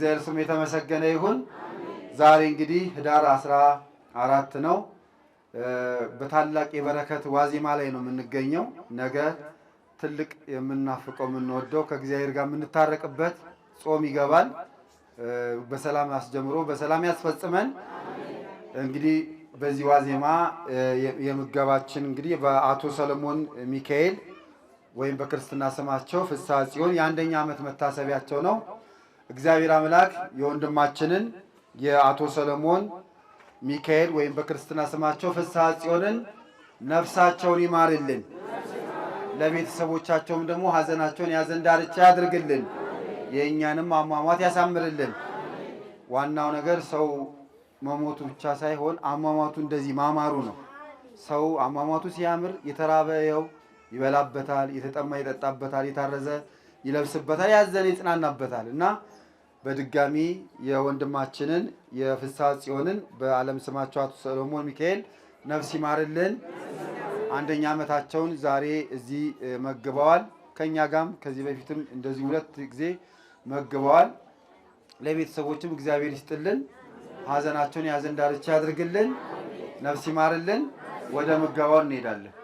የእግዚአብሔር ስም የተመሰገነ ይሁን። ዛሬ እንግዲህ ህዳር አስራ አራት ነው። በታላቅ የበረከት ዋዜማ ላይ ነው የምንገኘው። ነገ ትልቅ የምናፍቀው የምንወደው ከእግዚአብሔር ጋር የምንታረቅበት ጾም ይገባል። በሰላም አስጀምሮ በሰላም ያስፈጽመን። እንግዲህ በዚህ ዋዜማ የምገባችን እንግዲህ በአቶ ሰለሞን ሚካኤል ወይም በክርስትና ስማቸው ፍስሐ ጽዮን የአንደኛ ዓመት መታሰቢያቸው ነው። እግዚአብሔር አምላክ የወንድማችንን የአቶ ሰለሞን ሚካኤል ወይም በክርስትና ስማቸው ፍስሐ ጽዮንን ነፍሳቸውን ይማርልን፣ ለቤተሰቦቻቸውም ደግሞ ሀዘናቸውን ያዘን ዳርቻ ያድርግልን፣ የእኛንም አሟሟት ያሳምርልን። ዋናው ነገር ሰው መሞቱ ብቻ ሳይሆን አሟሟቱ እንደዚህ ማማሩ ነው። ሰው አሟሟቱ ሲያምር የተራበየው ይበላበታል፣ የተጠማ ይጠጣበታል፣ የታረዘ ይለብስበታል፣ ያዘነ ይጽናናበታል እና በድጋሚ የወንድማችንን የፍስሐ ጽዮንን በዓለም ስማቸው አቶ ሰሎሞን ሚካኤል ነፍስ ይማርልን። አንደኛ ዓመታቸውን ዛሬ እዚህ መግበዋል። ከእኛ ጋም ከዚህ በፊትም እንደዚህ ሁለት ጊዜ መግበዋል። ለቤተሰቦችም እግዚአብሔር ይስጥልን፣ ሀዘናቸውን የሀዘን ዳርቻ ያድርግልን፣ ነፍስ ይማርልን። ወደ ምገባው እንሄዳለን።